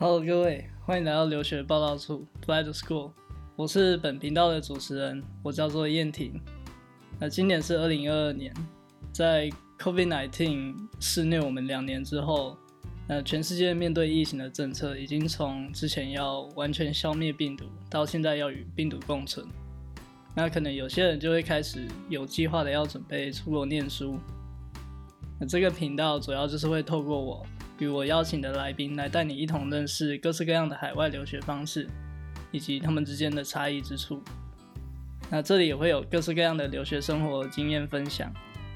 Hello，各位，歡迎來到留學報到處 Fly to School。我是本頻道的主持人，我叫做燕婷。那今年是二零二二年，在 COVID-19 肆虐我們兩年之後，呃，全世界面對疫情的政策已經從之前要完全消滅病毒，到現在要與病毒共存。那可能有些人就會開始有計劃的要準備出國念書。那這個頻道主要就是會透過我。與我邀請的來賓來帶你一同認識各式各樣的海外留學方式，以及他們之間的差異之處。那這裡也會有各式各樣的留學生活經驗分享。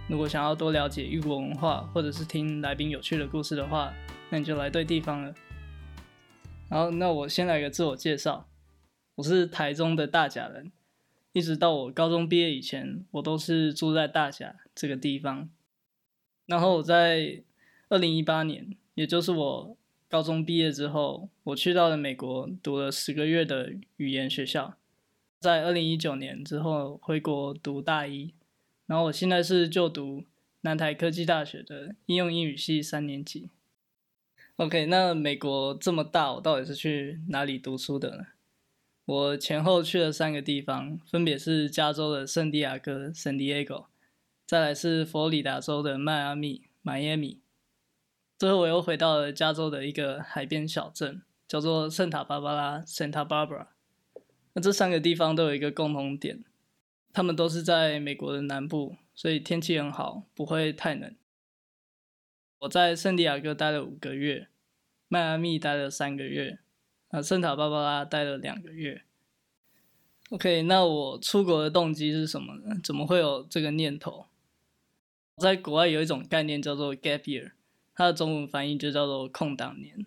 如果想要多了解異國文化，或者是聽來賓有趣的故事的話，那你就來對地方了。好，那我先來個自我介紹。我是台中的大甲人，一直到我高中畢業以前，我都是住在大甲這個地方。然後我在二零一八年。也就是我高中畢業之後，我去到了美國讀了十個月的語言學校，在二零一九年之後回國讀大一，然後我現在是就讀南台科技大學的應用英語系三年級。OK，那美國這麼大，我到底是去哪裡讀書的呢？我前後去了三個地方，分別是加州的聖地亞哥聖地亞哥，San Diego, 再來是佛羅里達州的邁阿密邁阿密，Miami, 最後，我又回到了加州的一個海邊小鎮，叫做聖塔芭芭拉 （Santa Barbara）。那這三個地方都有一個共同點，他們都是在美國的南部，所以天氣很好，不會太冷。我在聖地亞哥待了五個月，邁阿密待了三個月，啊，聖塔芭芭拉待了兩個月。OK，那我出國的動機是什麼呢？怎麼會有這個念頭？在國外有一種概念叫做 gap year。他的中文翻譯就叫做“空檔年”，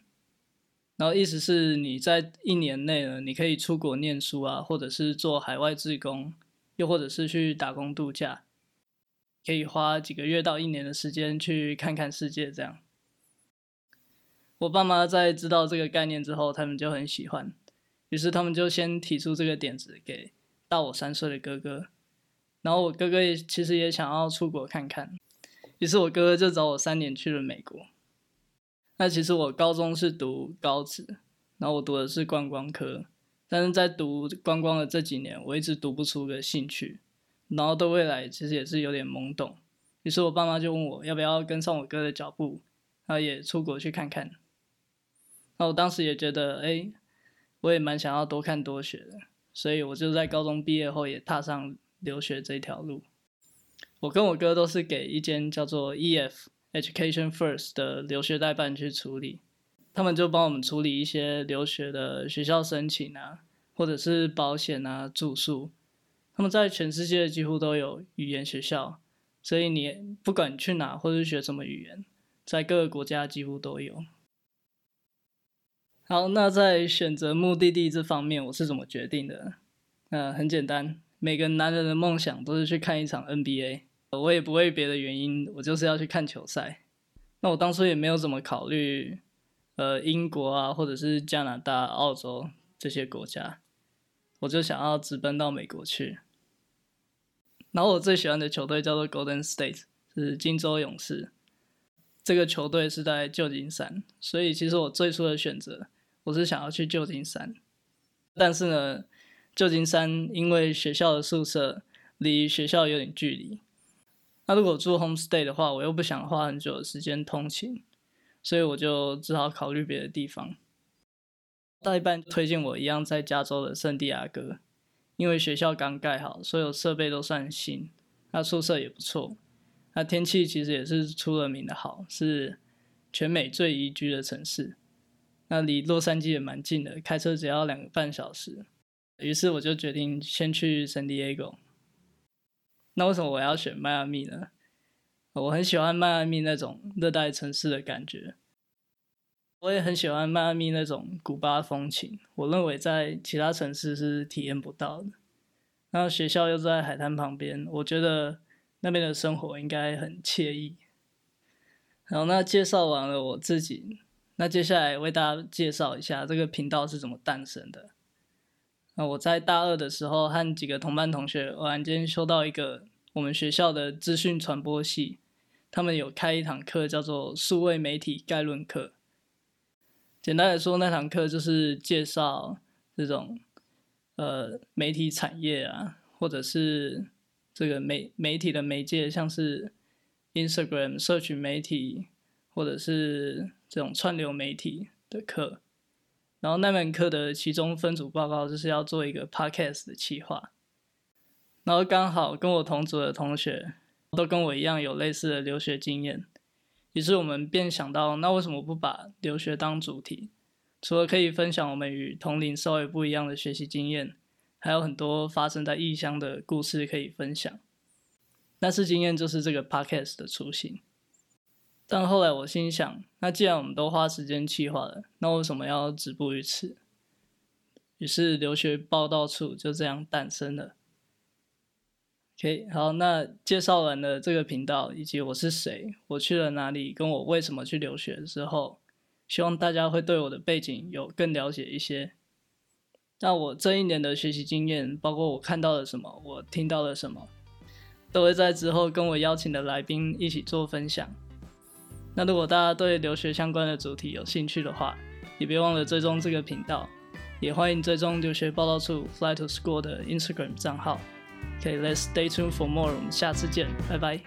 然後意思是你在一年內呢，你可以出國念書啊，或者是做海外志工，又或者是去打工度假，可以花幾個月到一年的時間去看看世界。這樣，我爸媽在知道這個概念之後，他們就很喜歡，於是他們就先提出這個點子給大我三歲的哥哥，然後我哥哥也其實也想要出國看看。於是我哥哥就找我三年去了美國。那其實我高中是讀高職，然後我讀的是觀光科，但是在讀觀光的這幾年，我一直讀不出個興趣，然後對未來其實也是有點懵懂。於是我爸媽就問我要不要跟上我哥的腳步，然後也出國去看看。那我當時也覺得，哎、欸，我也蠻想要多看多學的，所以我就在高中畢業後也踏上留學這條路。我跟我哥都是給一間叫做 EF Education First 的留學代辦去處理，他們就幫我們處理一些留學的學校申請啊，或者是保險啊、住宿。他們在全世界幾乎都有語言學校，所以你不管你去哪或是學什麼語言，在各個國家幾乎都有。好，那在選擇目的地這方面，我是怎麼決定的？呃，很簡單，每個男人的夢想都是去看一場 NBA。我也不為別的原因，我就是要去看球賽。那我當初也沒有怎麼考慮，呃，英國啊，或者是加拿大、澳洲這些國家，我就想要直奔到美國去。然後我最喜歡的球隊叫做 Golden State，是金州勇士。這個球隊是在舊金山，所以其實我最初的選擇，我是想要去舊金山。但是呢，舊金山因為學校的宿舍離學校有點距離。那如果住 homestay 的話，我又不想花很久的時間通勤，所以我就只好考慮別的地方。代辦推薦我一樣在加州的聖地亞哥，因為學校剛蓋好，所有設備都算新，那宿舍也不錯，那天氣其實也是出了名的好，是全美最宜居的城市。那離洛杉磯也蠻近的，開車只要兩個半小時。於是我就決定先去聖地亞哥。那為什麼我要選邁阿密呢？我很喜歡邁阿密那種熱帶城市的感覺，我也很喜歡邁阿密那種古巴風情，我認為在其他城市是體驗不到的。然後學校又在海灘旁邊，我覺得那邊的生活應該很愜意。然後那介紹完了我自己，那接下來為大家介紹一下這個頻道是怎麼誕生的。那我在大二的時候，和幾個同班同學偶然間修到一個我們學校的資訊傳播系，他們有開一堂課叫做數位媒體概論課。簡單來說，那堂課就是介紹這種，呃，媒體產業啊，或者是這個媒媒體的媒介，像是 Instagram 社群媒體，或者是這種串流媒體的課。然後那門課的其中分組報告就是要做一個 podcast 的企劃，然後剛好跟我同組的同學都跟我一樣有類似的留學經驗，於是我們便想到，那為什麼不把留學當主題？除了可以分享我們與同齡稍微不一樣的學習經驗，還有很多發生在異鄉的故事可以分享。那次經驗就是這個 podcast 的雛形。但後來我心想，那既然我們都花時間計劃了，那為什麼要止步於此？於是留學報到處就這樣誕生了。OK，好，那介紹完了這個頻道以及我是誰，我去了哪裡，跟我為什麼去留學的時候，希望大家會對我的背景有更了解一些。那我這一年的學習經驗，包括我看到了什麼，我聽到了什麼，都會在之後跟我邀請的來賓一起做分享。那如果大家對留學相關的主題有興趣的話，也別忘了追蹤這個頻道，也歡迎追蹤留學報到處 Fly to School 的 Instagram 賬號。Okay, let's stay tuned for more。我們下次見，拜拜。